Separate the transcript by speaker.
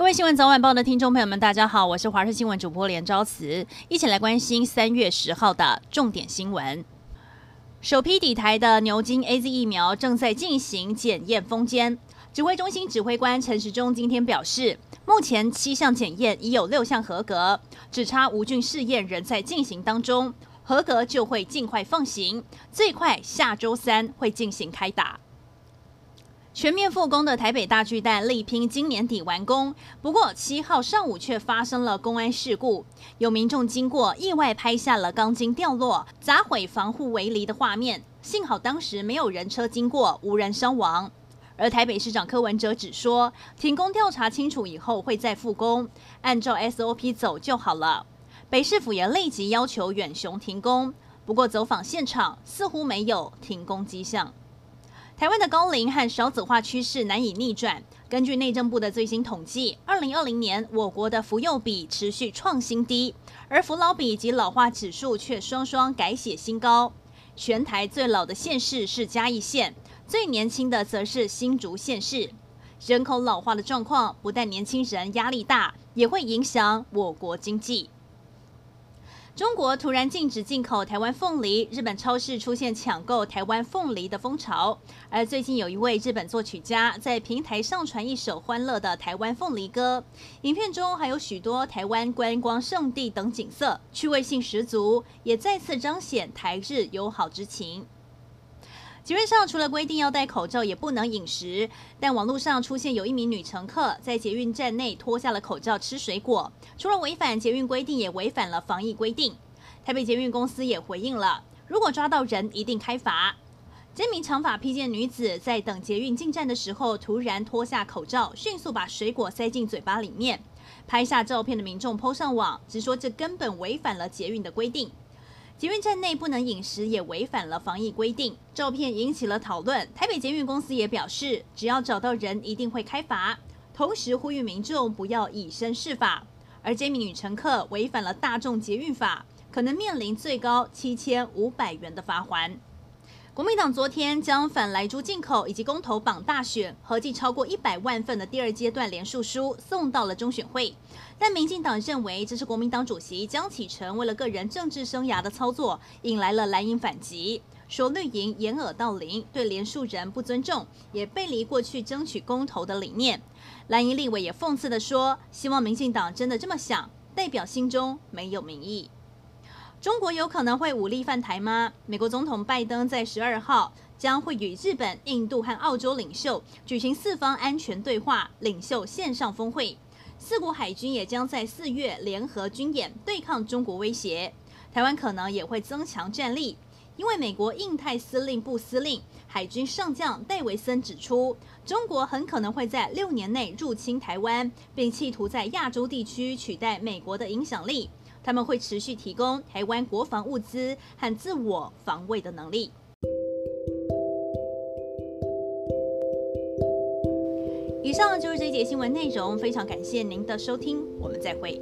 Speaker 1: 各位新聞早晚報的聽眾朋友們，大家好，我是華視新聞主播連昭慈，一起來關心三月十號的重點新聞。首批抵台的牛津 AZ 疫苗正在進行檢驗封緘，指揮中心指揮官陳時中今天表示，目前七項檢驗已有六項合格，只差無菌試驗仍在進行當中，合格就會盡快放行，最快下週三會進行開打。全面復工的台北大巨蛋力拼今年底完工，不過七號上午卻發生了工安事故，有民眾經過意外拍下了鋼筋掉落砸毀防護圍籬的畫面，幸好當時沒有人車經過，無人傷亡。而台北市長柯文哲只說停工調查清楚以後會再復工，按照 SOP 走就好了。北市府也立即要求遠雄停工，不過走訪現場似乎沒有停工跡象。台灣的高齡和少子化趨勢難以逆轉。根據內政部的最新統計，二零二零年我國的扶幼比持續創新低，而扶老比及老化指數卻雙雙改寫新高。全台最老的縣市是嘉義縣，最年輕的則是新竹縣市。人口老化的狀況不但年輕人壓力大，也會影響我國經濟。中國突然禁止進口台灣鳳梨，日本超市出現搶購台灣鳳梨的風潮。而最近有一位日本作曲家在平台上傳一首歡樂的台灣鳳梨歌，影片中還有許多台灣觀光勝地等景色，趣味性十足，也再次彰顯台日友好之情。捷運上除了規定要戴口罩，也不能飲食。但網絡上出現有一名女乘客在捷運站內脫下了口罩吃水果，除了違反捷運規定，也違反了防疫規定。台北捷運公司也回應了，如果抓到人一定開罰。這名長髮披肩女子在等捷運進站的時候，突然脫下口罩，迅速把水果塞進嘴巴裡面，拍下照片的民眾 PO 上網，直說這根本違反了捷運的規定。捷運站內不能飲食，也違反了防疫規定。照片引起了討論。台北捷運公司也表示，只要找到人，一定會開罰。同時呼籲民眾不要以身試法。而這名女乘客違反了大眾捷運法，可能面臨最高七千五百元的罰鍰。國民黨昨天將反萊豬進口以及公投綁大選合計超過一百萬份的第二階段連署書送到了中選會，但民進黨認為這是國民黨主席江啟臣為了個人政治生涯的操作，引來了藍營反擊，說綠營掩耳盜鈴，對連署人不尊重，也背離過去爭取公投的理念。藍營立委也諷刺的說，希望民進黨真的這麼想，代表心中沒有民意。中國有可能會武力犯台嗎？美國總統拜登在十二號將會與日本、印度和澳洲領袖舉行四方安全對話，領袖線上峰會。四國海軍也將在四月聯合軍演對抗中國威脅。台灣可能也會增強戰力，因為美國印太司令部司令海軍上將戴維森指出，中國很可能會在六年內入侵台灣，並企圖在亞洲地區取代美國的影響力。他們會持續提供台灣國防物資和自我防衛的能力。以上就是這節新聞內容，非常感謝您的收聽，我們再會。